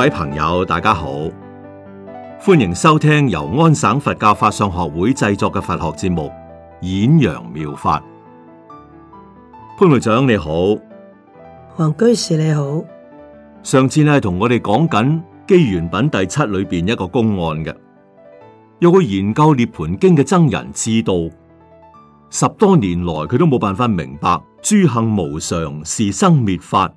各位朋友，大家好，歡迎收聽由安省佛教法上學會製作嘅佛學節目《演揚妙，妙法》。潘會長你好，黃居士你好。上次咧同我哋講緊《機緣品》第七裏邊一個公案嘅，有個研究《涅槃經》嘅僧人知道，十多年來佢都冇辦法明白諸行無常，是生滅法，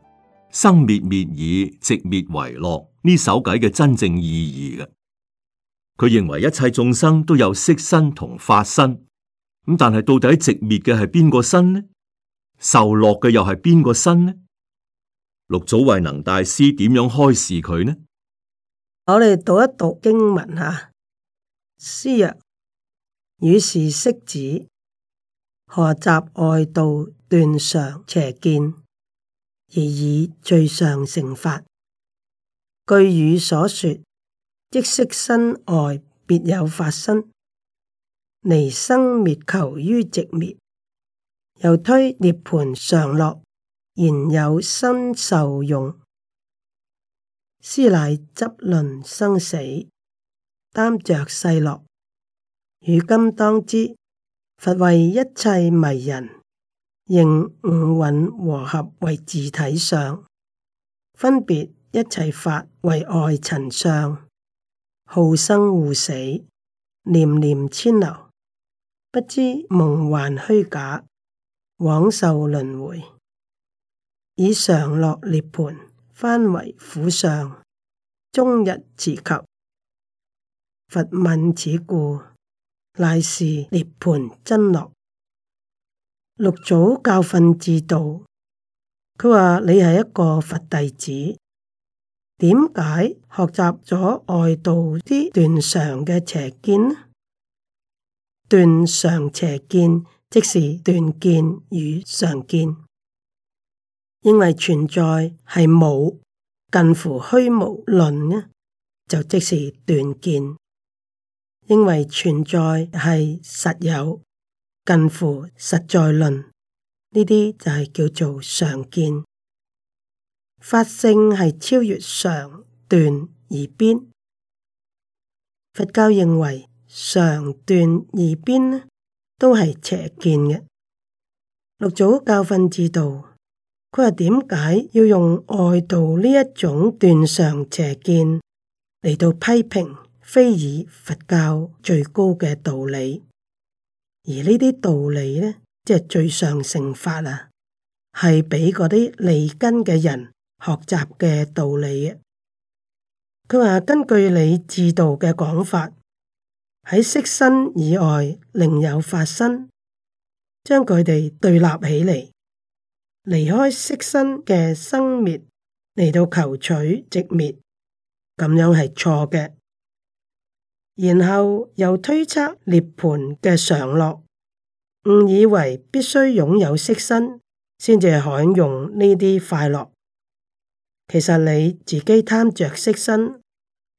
生滅滅已，寂滅為樂。呢首偈嘅真正意義嘅，佢認為一切眾生都有色身同法身，咁但係到底直滅嘅係邊個身呢？受落嘅又係邊個身呢？六祖慧能大師點樣開示佢呢？我哋讀一讀經文吓，師曰：於是釋子學習外道斷常邪見，而以最上乘法。據語所說，即色身外別有法身，離生滅求於寂滅。又推涅盤常樂，然有身受用，師乃執論生死，擔着世樂。如今當知，佛為一切迷人，應五蘊和合為自體相，分別。一切法為妄塵相，好生互死，念念遷流，不知夢幻虛假，枉受輪回，以常樂涅槃翻為苦相，終日馳求。佛問此故，乃是涅槃真樂。六祖教訓志道，佢話你係一個佛弟子。點解學習咗外道啲斷常嘅邪見呢？斷常邪見，即是斷見與常見。因為存在係冇，近乎虛無論呢，就即是斷見；因為存在係實有，近乎實在論，呢啲就係叫做常見。法性係超越常斷而邊，佛教認為常斷而邊呢都係邪見嘅。六祖教訓之道，佢話點解要用外道呢一種斷常邪見嚟到批評，非以佛教最高嘅道理，而呢啲道理呢，即係最上乘法啊，係畀嗰啲利根嘅人。學習嘅道理。佢話，根據你自道嘅講法，喺色身以外另有法身，將佢哋對立起嚟，離開色身嘅生滅嚟到求取直滅，咁樣係錯嘅。然後又推測涅槃嘅常樂，誤以為必須擁有色身先至享用呢啲快樂。其實你自己貪着色身，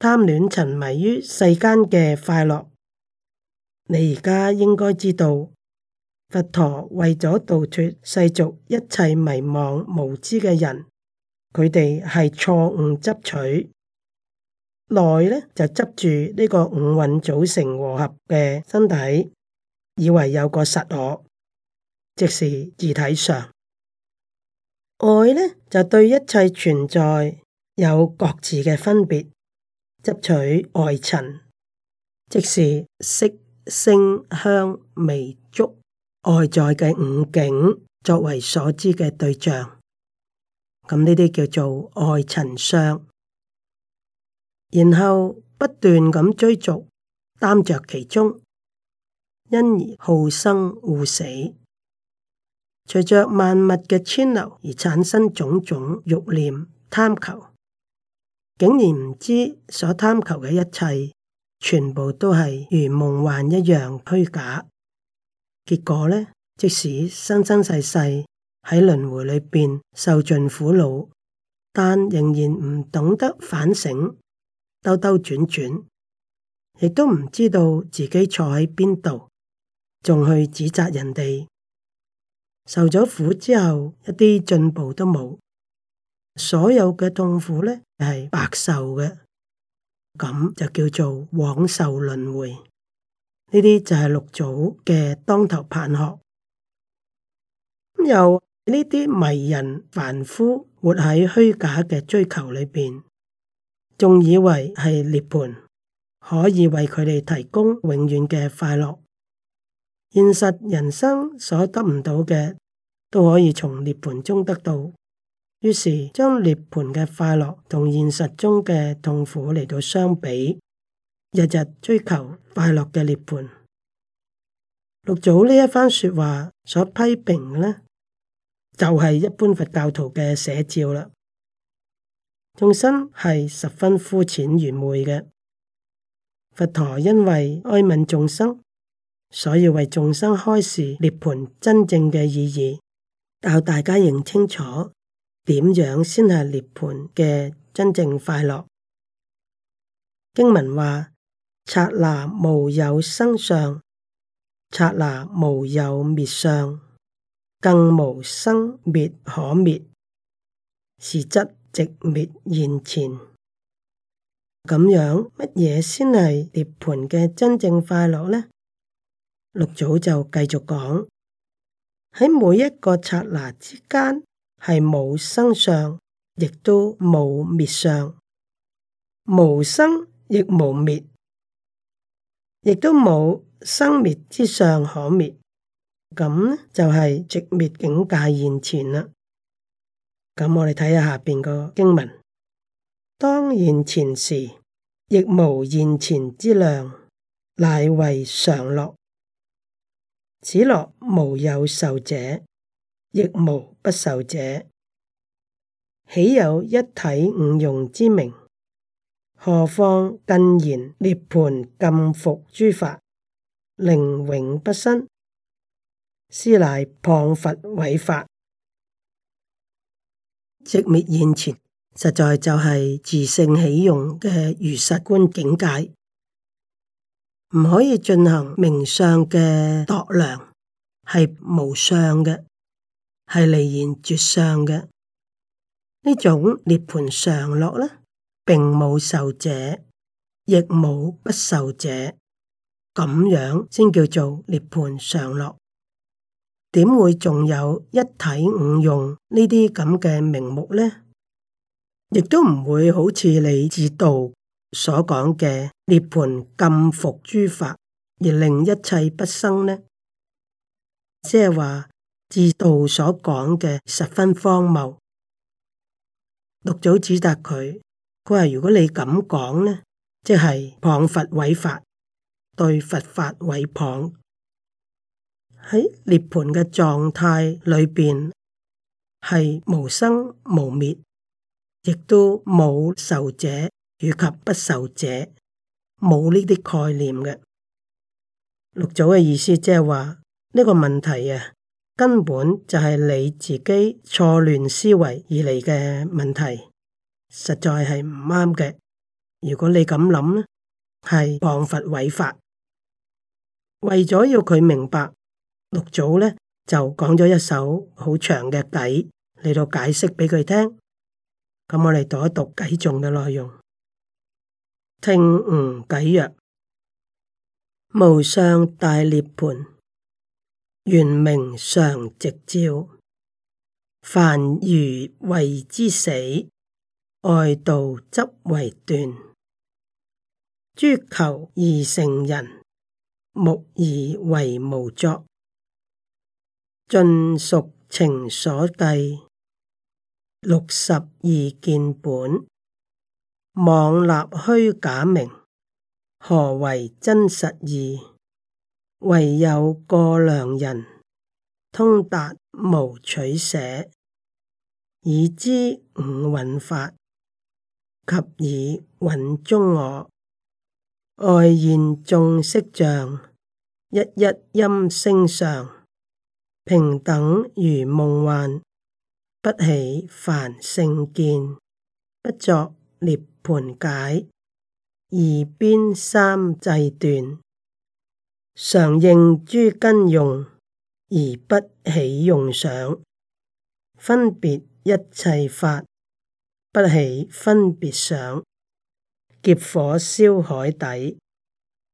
貪戀沉迷於世間嘅快樂，你而家應該知道，佛陀為咗度脱世俗一切迷惘無知嘅人，佢哋係錯誤執取內呢就執住呢個五蘊組成和合嘅身體，以為有個實我，即是自體上。愛呢，就對一切存在有各自嘅分別，執取外塵，即是色聲香味觸外在嘅五境作為所知嘅對象，咁呢啲叫做外塵相，然後不斷咁追逐，耽着其中，因而好生惡死。隨着萬物嘅遷流而產生種種欲念貪求，竟然唔知所貪求嘅一切全部都係如夢幻一樣虛假。結果呢，即使生生世世喺輪回裏邊受盡苦惱，但仍然唔懂得反省，兜兜轉轉，亦都唔知道自己錯喺邊度，仲去指責人哋。受咗苦之後，一啲進步都冇，所有嘅痛苦呢，係白受嘅，咁就叫做枉受輪迴。呢啲就係六祖嘅當頭棒喝。又呢啲迷人凡夫活喺虛假嘅追求裏邊，仲以為係涅盤可以為佢哋提供永遠嘅快樂。現實人生所得唔到嘅，都可以從涅槃中得到。於是將涅槃嘅快樂同現實中嘅痛苦嚟到相比，日日追求快樂嘅涅槃。六祖呢一番說話所批評呢，就係、是、一般佛教徒嘅寫照啦。眾生係十分膚淺愚昧嘅，佛陀因為哀憫眾生。所以為眾生開示涅槃真正嘅意義，教大家認清楚點樣先係涅槃嘅真正快樂。經文話：剎那無有生相，剎那無有滅相，更無生滅可滅，是則直滅現前。咁樣乜嘢先係涅槃嘅真正快樂呢？六祖就繼續講，喺每一個剎那之間，係無生相，亦都無滅相，無生亦無滅，亦都無生滅之相可滅。咁呢就係寂滅境界現前啦。咁我哋睇下下邊個經文，當現前時，亦無現前之量，乃為常樂。此樂無有受者，亦無不受者，豈有一體五用之名？何況更言涅盤禁伏諸法，令永不生？斯乃謗佛毀法，直滅現前，實在就係自性起用嘅如實觀境界。唔可以進行名相嘅度量，係無相嘅，係離言絕相嘅呢種涅盤常樂呢，並冇受者，亦冇不受者，咁樣先叫做涅盤常樂。點會仲有一體五用呢啲咁嘅名目呢？亦都唔會好似你知道。所講嘅涅槃禁伏諸法，而令一切不生呢？即係話至道所講嘅十分荒謬。六祖指責佢，佢話如果你咁講呢，即係謗佛毀法，對佛法毀謗。喺涅槃嘅狀態裏邊，係無生無滅，亦都冇受者。以及不受者冇呢啲概念嘅。六祖嘅意思，即係話，呢個問題啊根本就係你自己錯亂思維而嚟嘅問題，實在係唔啱嘅。如果你咁諗，係謗佛毀法。為咗要佢明白，六祖咧就講咗一首好長嘅偈嚟到解釋俾佢聽。咁我哋讀一讀偈中嘅內容。聽吾偈曰：無上大涅盤，原名常寂照。凡愚為之死，愛道則為斷。諸求而成人，目以為無作，盡屬情所計。六十二見本。妄立虛假名，何為真實義？唯有過量人通達無取捨，以知五蘊法及以蘊中我，外現眾色像，一一音聲相平等如夢幻，不起凡聖見，不作涅。盤解而邊三制斷，常應諸根用，而不起用想；分別一切法，不起分別想。劫火燒海底，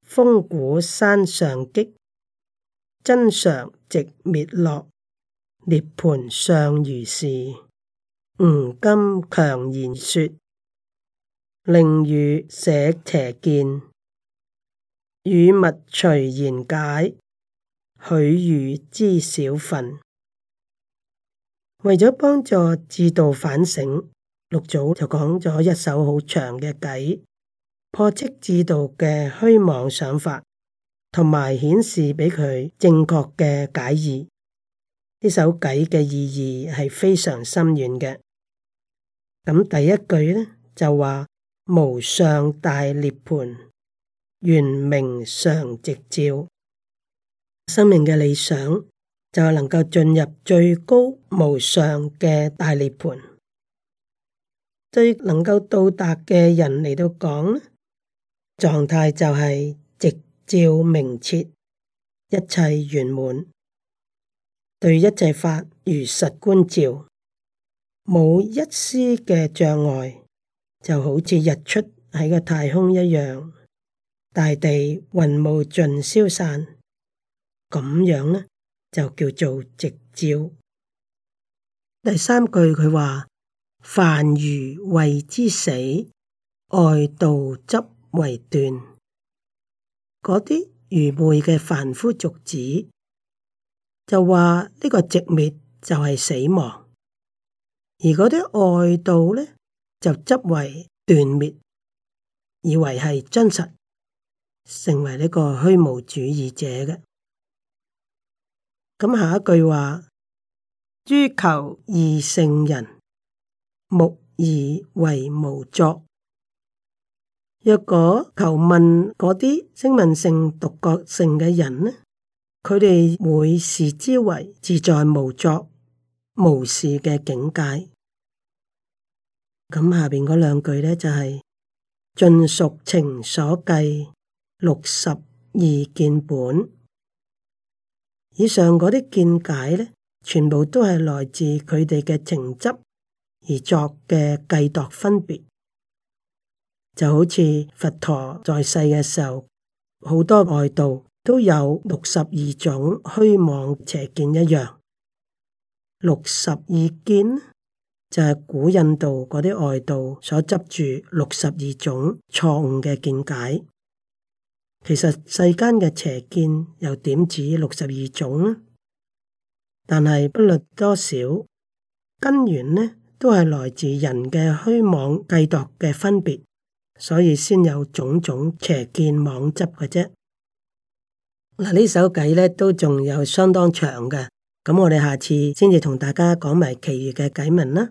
風鼓山上擊，真常直滅落，涅盤上如是。吾今強言說，令汝捨邪見，汝勿隨言解，許汝知少分。為咗幫助治道反省，六祖就講咗一首好長嘅偈，破斥治道嘅虛妄想法，同埋顯示俾佢正確嘅解義。呢首偈嘅意義係非常深遠嘅。咁第一句呢，就話。無上大涅盤，圓明常直照。生命嘅理想就能夠進入最高無上嘅大涅盤，最能夠到達嘅人嚟到講呢狀態就係直照明徹，一切圓滿，對一切法如實觀照，冇一絲嘅障礙。就好似日出喺個太空一樣，大地雲霧盡消散，咁樣呢，就叫做直照。第三句佢話，凡愚謂之死，外道執為斷。嗰啲愚昧嘅凡夫俗子就話呢個直滅就係死亡，而嗰啲外道呢，就執為斷滅，以為係真實，成為呢個虛無主義者嘅。咁下一句話，於求二乘人，目以為無作。若果求問嗰啲聲聞性、獨覺性嘅人呢？佢哋會視之為自在無作、無事嘅境界。咁下邊嗰兩句呢，就係盡屬情所計，六十二見本以上嗰啲見解呢，全部都係來自佢哋嘅情執而作嘅計度分別，就好似佛陀在世嘅時候，好多外道都有六十二種虛妄邪見一樣，六十二見。就係古印度嗰啲外道所執住六十二種錯誤嘅見解，其實世間嘅邪見又點止六十二種呢？但係不論多少，根源呢都係來自人嘅虛妄計度嘅分別，所以先有種種邪見妄執嘅啫。嗱，呢首偈呢都仲有相當長嘅，咁我哋下次先至同大家講埋其餘嘅偈文啦。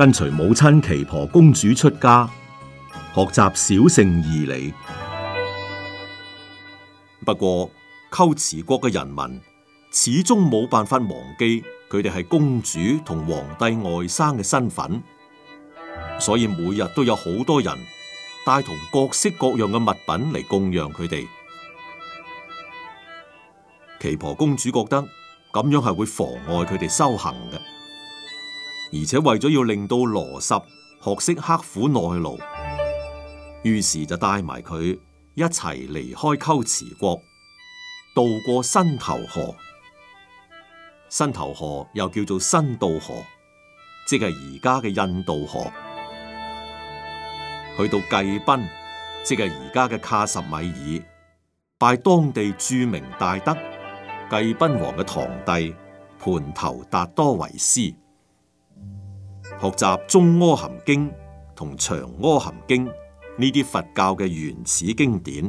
跟隨母親耆婆公主出家，學習小乘義理。不過，龜茲國嘅人民始終冇辦法忘記佢哋係公主同皇帝外甥嘅身份，所以每日都有好多人帶同各式各樣嘅物品嚟供養佢哋。耆婆公主覺得咁樣係會妨礙佢哋修行嘅。而且為咗要令到羅什學識刻苦耐勞，於是就帶埋佢一齊離開龜茲國，渡過新頭河。新頭河又叫做新道河，即係而家嘅印度河。去到罽賓，即係而家嘅卡什米爾，拜當地著名大德罽賓王嘅堂弟盤頭達多為師。學習《中阿含經》同《長阿含經》呢啲佛教嘅原始經典，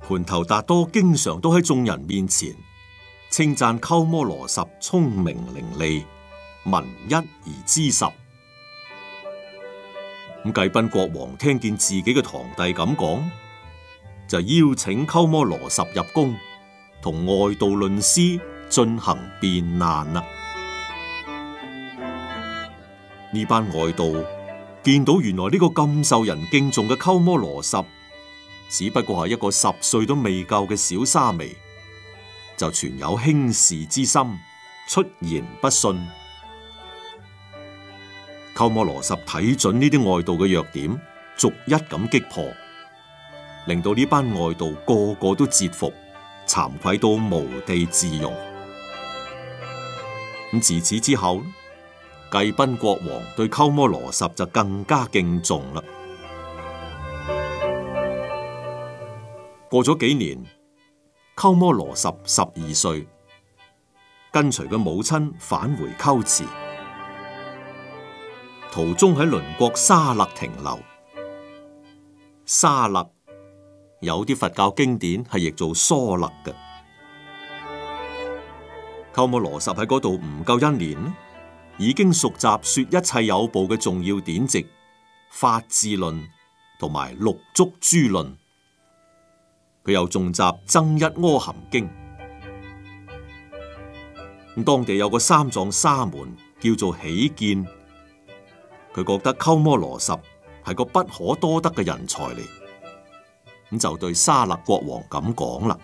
盤頭達多經常都喺眾人面前稱讚鳩摩羅什聰明伶俐，聞一而知十。咁罽賓國王聽見自己嘅堂弟咁講，就邀請鳩摩羅什入宮，同外道論師進行辯難啦。呢班外道見到原來呢個咁受人敬重嘅鳩摩羅什，只不過係一個十歲都未夠嘅小沙彌，就存有輕視之心，出言不遜。鳩摩羅什睇準呢啲外道嘅弱點，逐一咁擊破，令到呢班外道個個都折服，慚愧到無地自容。咁自此之後，罽賓國王對鳩摩羅什就更加敬重啦。過咗幾年，鳩摩羅什十,十二歲，跟隨佢母親返回龜茲，途中喺鄰國沙勒停留。沙勒有啲佛教經典係譯做疏勒嘅。鳩摩羅什喺嗰度唔夠一年。已經熟習說一切有部嘅重要典籍《法智論》同埋《六足諸論》，佢又重習《增一阿含經》。咁當地有個三藏沙門叫做喜見，佢覺得鳩摩羅什係個不可多得嘅人才嚟，咁就對沙勒國王咁講啦。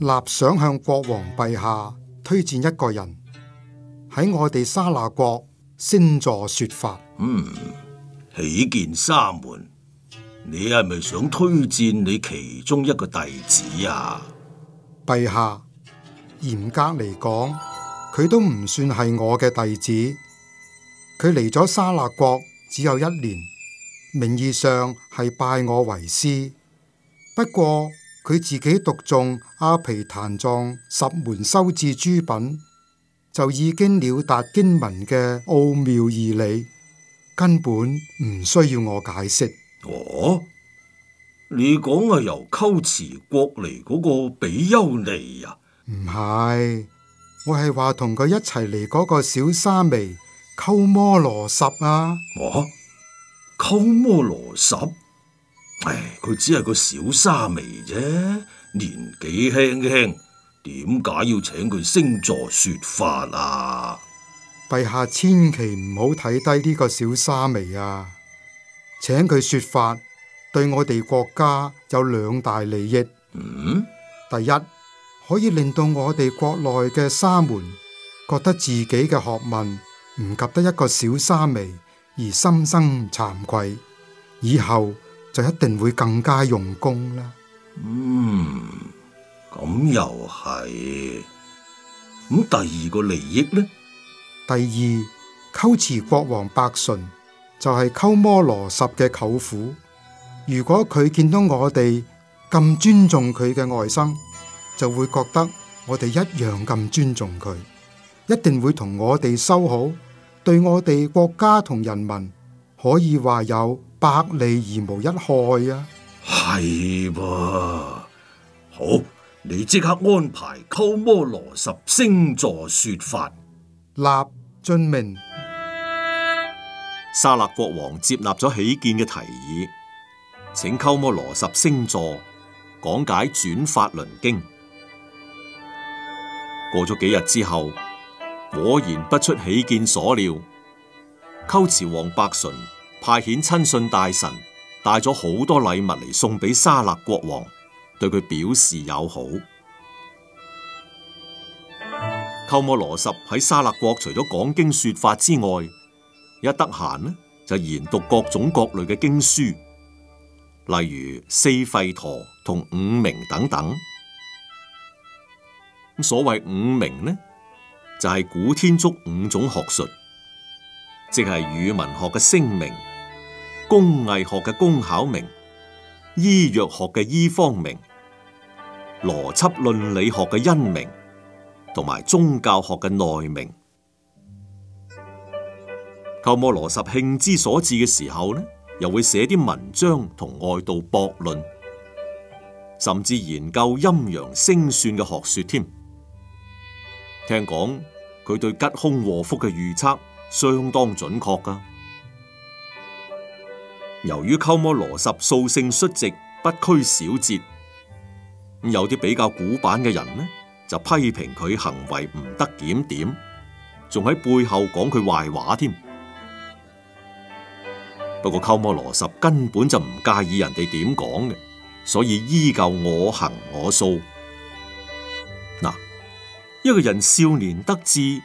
立想向國王陛下推薦一個人。喺我哋沙勒國，星座說法。嗯，起見沙門，你係咪想推薦你其中一個弟子啊？陛下，嚴格嚟講，佢都唔算係我嘅弟子。佢嚟咗沙勒國只有一年，名義上係拜我為師。不過佢自己讀中阿皮壇藏十門修治諸品。就已經了達經文嘅奧妙義理，根本唔需要我解釋。哦，你講，係由鳩池國嚟嗰個比丘尼啊？唔係，我係話同佢一齊嚟嗰個小沙彌鳩摩羅什啊。哦，鳩摩羅什？唉，佢只係個小沙彌啫，年紀輕輕。點解要請佢升座說法啊？陛下千祈唔好睇低呢個小沙彌啊！請佢說法對我哋國家有兩大利益。嗯？第一，可以令到我哋國內嘅沙門覺得自己嘅學問唔及得一個小沙彌，而心生慚愧，以後就一定會更加用功啦。嗯。咁又係，咁第二個利益呢？第二，龜茲國王白純就係鳩摩羅什嘅舅父。如果佢見到我哋咁尊重佢嘅外甥，就會覺得我哋一樣咁尊重佢，一定會同我哋修好，對我哋國家同人民可以話有百利而無一害啊！係噃，好。你即刻安排鳩摩羅什星座說法。立遵命。沙勒國王接納咗喜見嘅提議，請鳩摩羅什星座講解《轉法輪經》。過咗幾日之後，果然不出喜見所料，龜茲王伯純派遣親信大臣帶咗好多禮物嚟送俾沙勒國王。對佢表示友好。鳩摩羅什喺沙勒國，除咗講經說法之外，一得閒呢就研讀各種各類嘅經書，例如四吠陀同五明等等。所謂五明呢，就係、是、古天竺五種學術，即係語文學嘅聲明、工藝學嘅功巧明、醫藥學嘅醫方明。邏輯論理學嘅因明，同埋宗教學嘅內明。鳩摩羅什興之所至嘅時候呢，又會寫啲文章同外道駁論，甚至研究陰陽星算嘅學說添。聽講佢對吉凶禍福嘅預測相當準確噶。由於鳩摩羅什素性率直，不拘小節。咁有啲比較古板嘅人呢，就批評佢行為唔得檢點，仲喺背後講佢壞話添。不過鳩摩羅什根本就唔介意人哋點講嘅，所以依舊我行我素。嗱，一個人少年得志，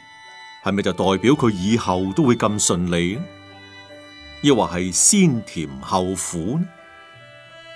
係咪就代表佢以後都會咁順利呢？抑或係先甜後苦呢？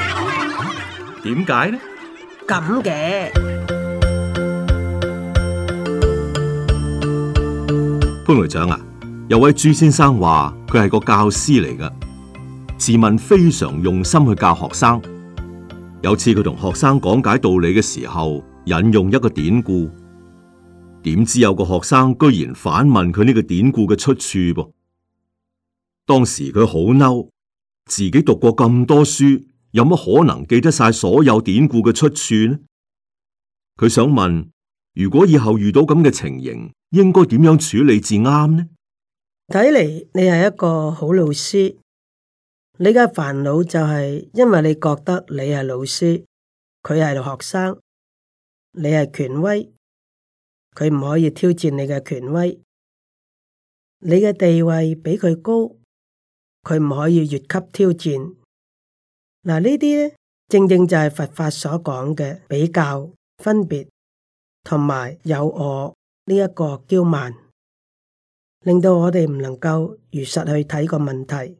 點解呢？咁嘅潘會長啊，有位朱先生話佢係個教師嚟㗎，自問非常用心去教學生。有次佢同學生講解道理嘅時候，引用一個典故，點知有個學生居然反問佢呢個典故嘅出處噃。當時佢好嬲，自己讀過咁多書。有乜可能記得晒所有典故嘅出處呢？佢想問：如果以後遇到咁嘅情形，應該點樣處理至啱呢？睇嚟你係一個好老師，你嘅煩惱就係因為你覺得你係老師，佢係學生，你係權威，佢唔可以挑戰你嘅權威，你嘅地位比佢高，佢唔可以越級挑戰。嗱，呢啲咧正正就係佛法所講嘅比較、分別同埋有我呢一個驕慢，令到我哋唔能夠如實去睇個問題。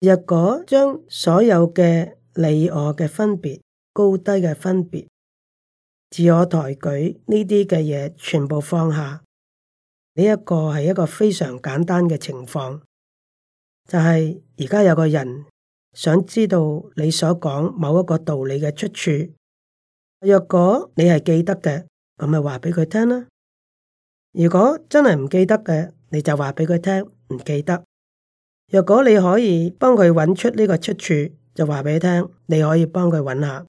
若果將所有嘅你我嘅分別、高低嘅分別、自我抬舉呢啲嘅嘢全部放下，呢一個係一個非常簡單嘅情況，就係而家有個人。想知道你所講某一個道理嘅出處，若果你係記得嘅，咁咪話俾佢聽啦。如果真係唔記得嘅，你就話俾佢聽唔記得。若果你可以幫佢揾出呢個出處，就話俾佢聽，你可以幫佢揾下。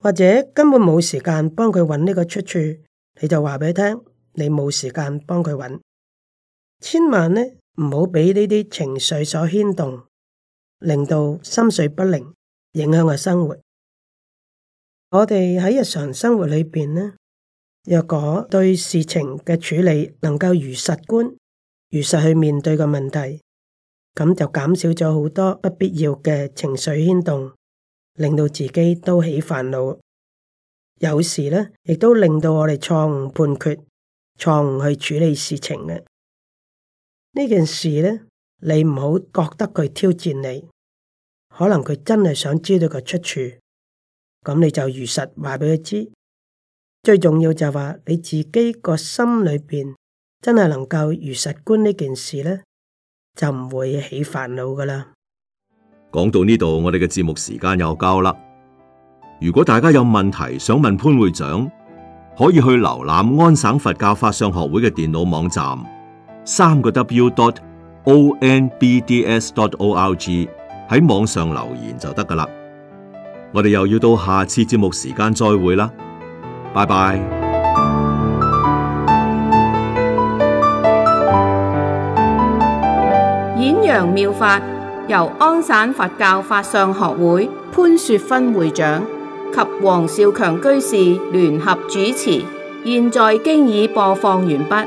或者根本冇時間幫佢揾呢個出處，你就話俾佢聽，你冇時間幫佢揾。千萬呢，唔好俾呢啲情緒所牽動，令到心緒不寧，影響我生活。我哋喺日常生活裏邊呢，若果對事情嘅處理能夠如實觀、如實去面對個問題，咁就減少咗好多不必要嘅情緒牽動，令到自己都起煩惱。有時呢，亦都令到我哋錯誤判決、錯誤去處理事情嘅呢件事呢。你唔好覺得佢挑戰你，可能佢真係想知道個出處，咁你就如實話俾佢知。最重要就話你自己個心裏邊真係能夠如實觀呢件事咧，就唔會起煩惱噶啦。講到呢度，我哋嘅節目時間又夠啦。如果大家有問題想問潘會長，可以去瀏覽安省佛教法上學會嘅電腦網站，三個 W dot。O N B D S. dot o r g 喺網上留言就得噶啦，我哋又要到下次節目時間再會啦，拜拜。演揚妙法由安省佛教法相學會潘雪芬會長及黃少強居士聯合主持，現在經已播放完畢。